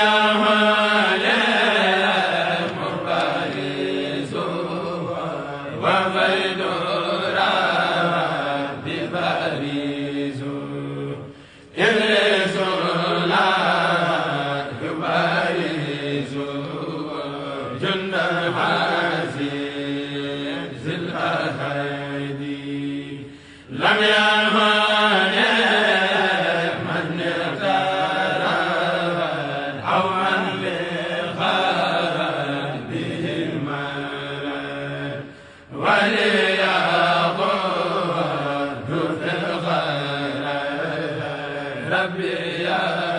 yaa rabbi ya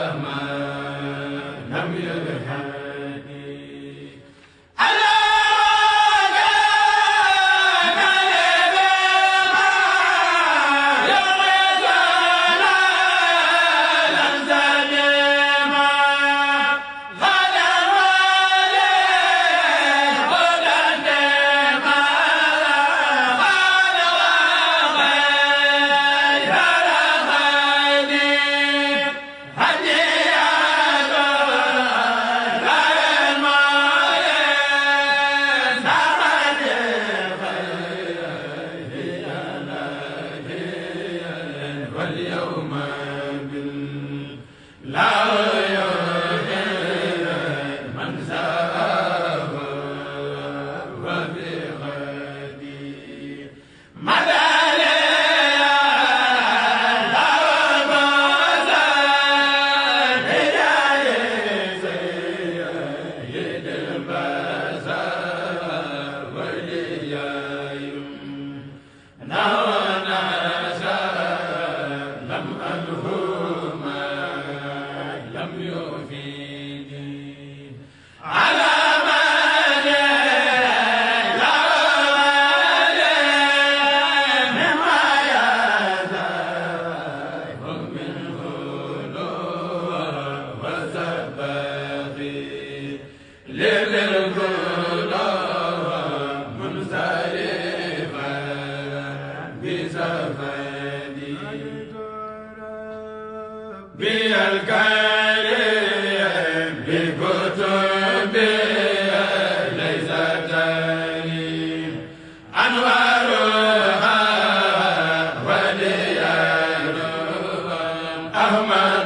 Ahmad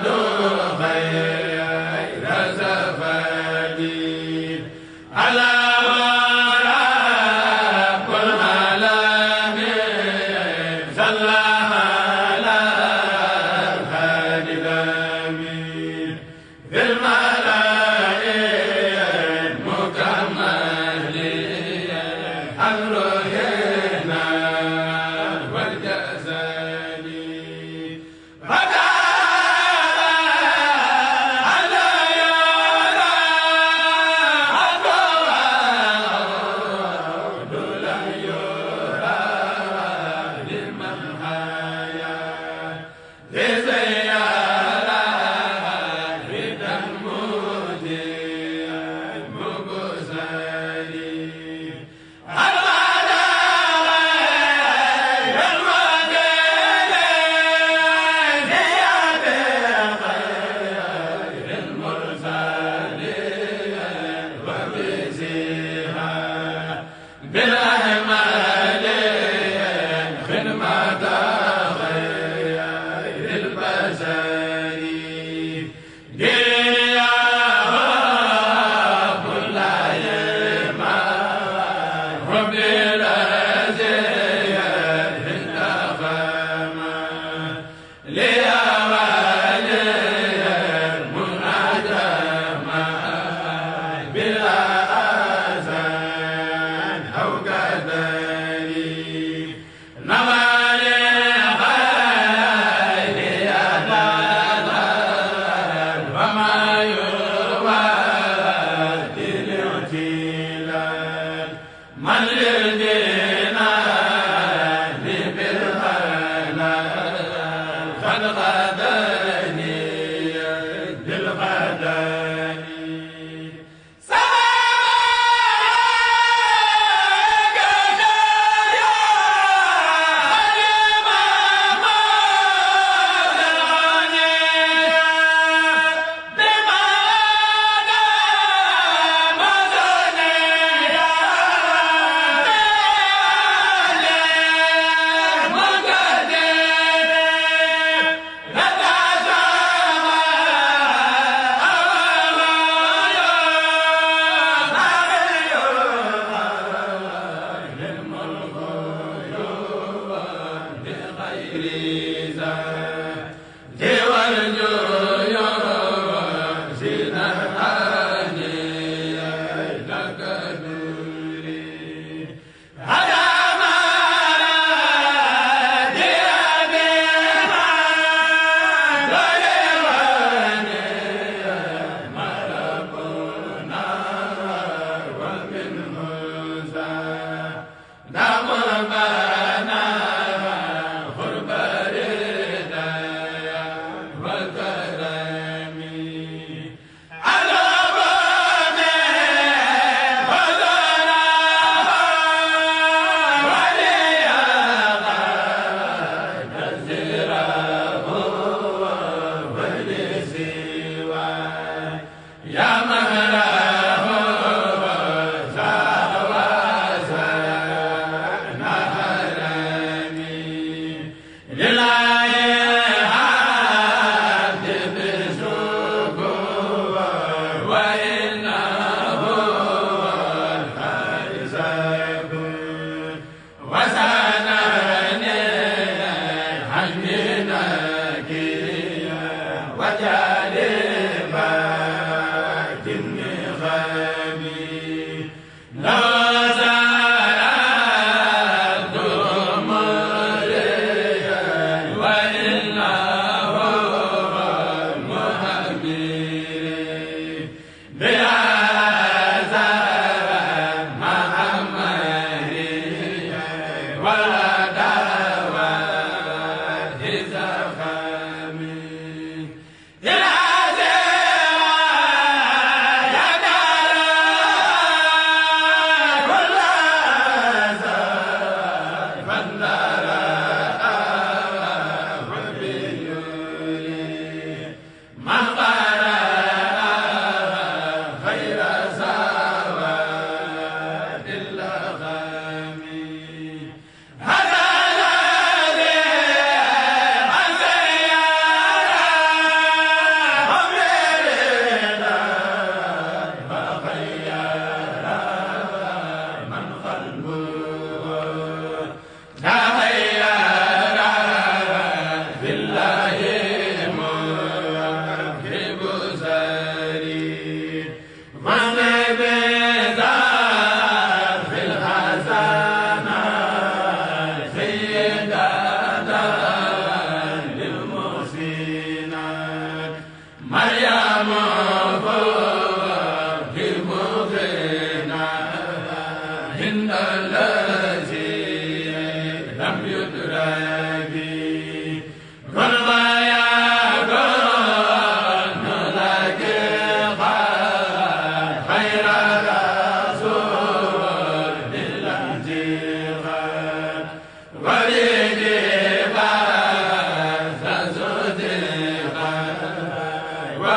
ذكري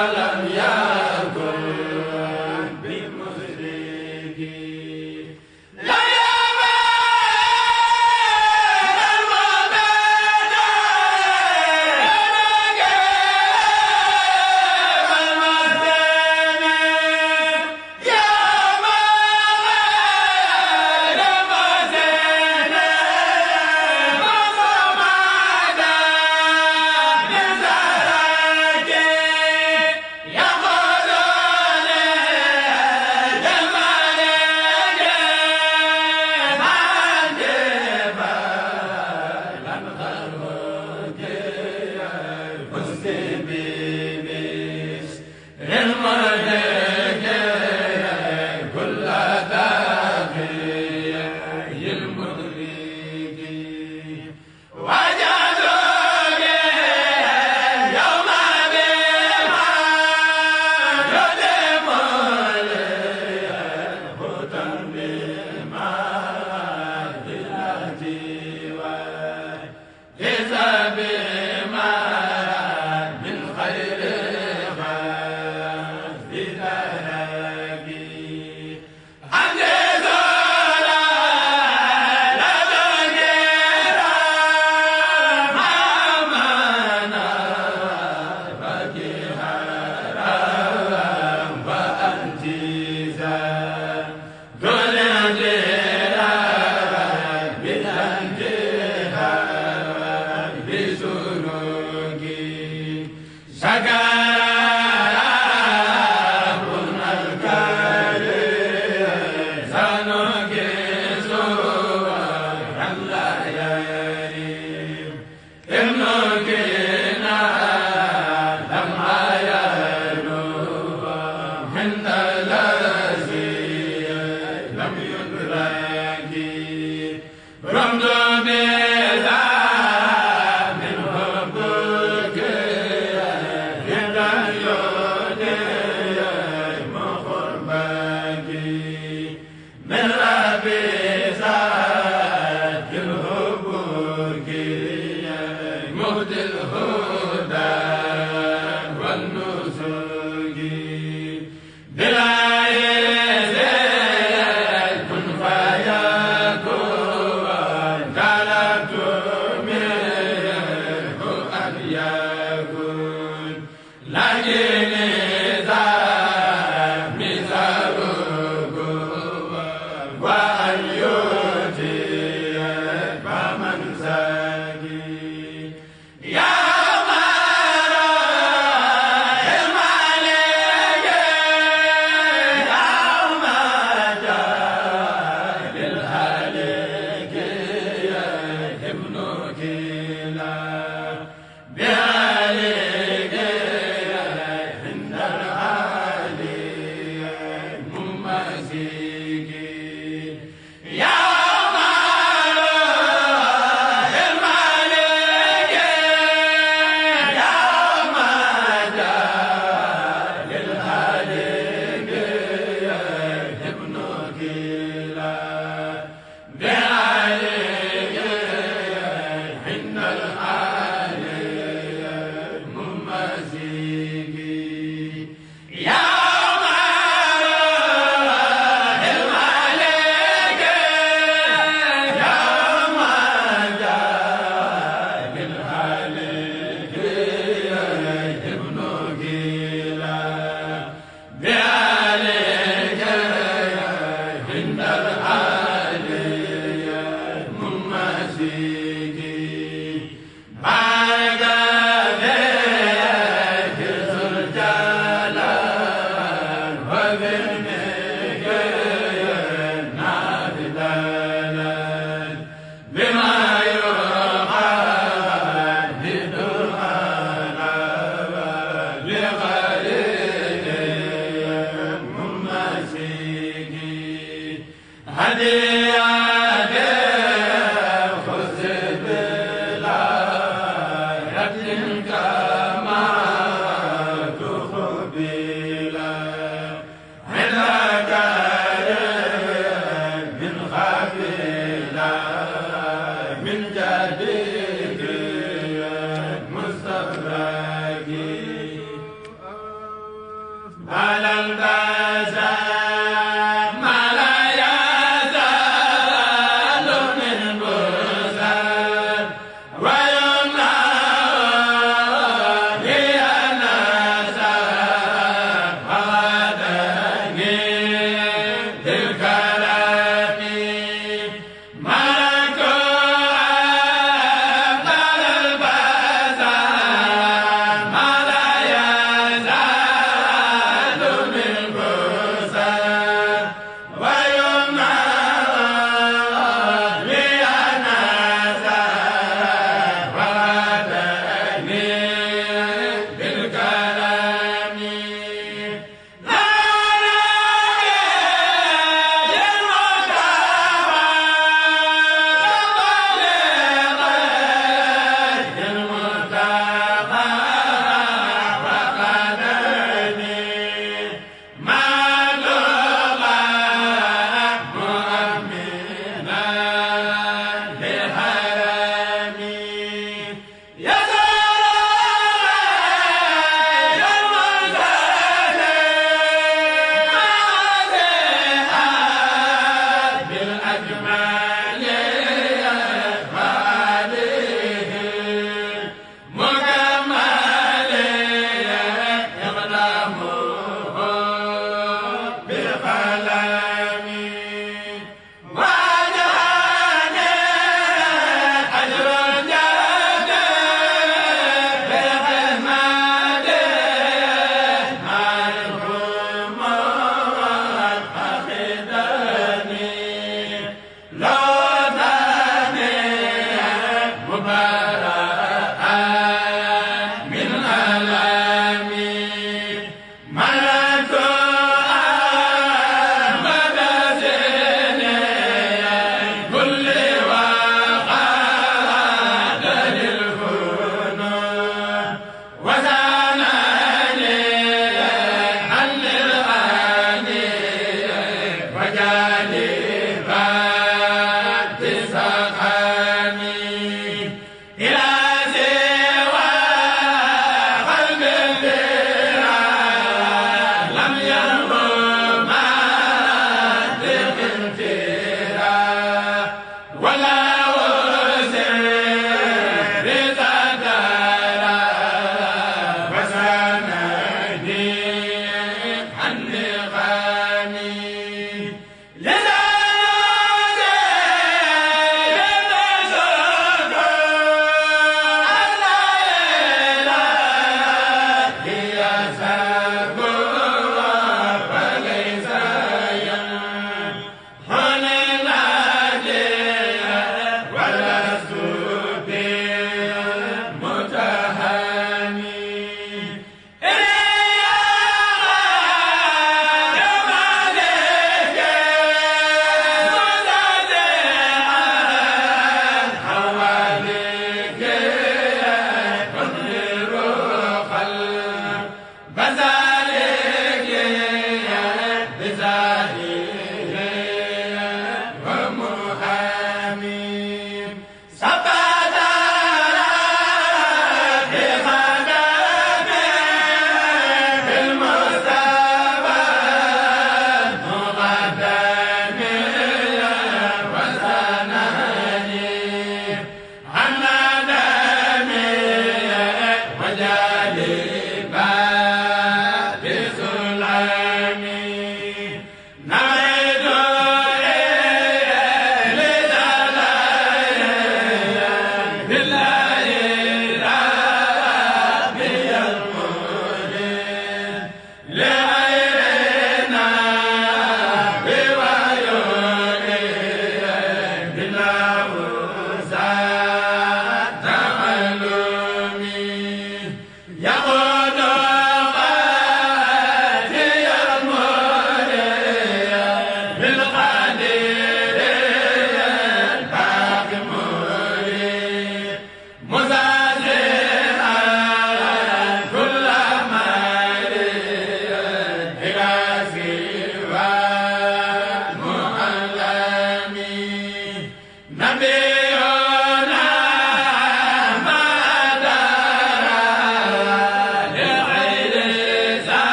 ولم يأ yaa أكرمك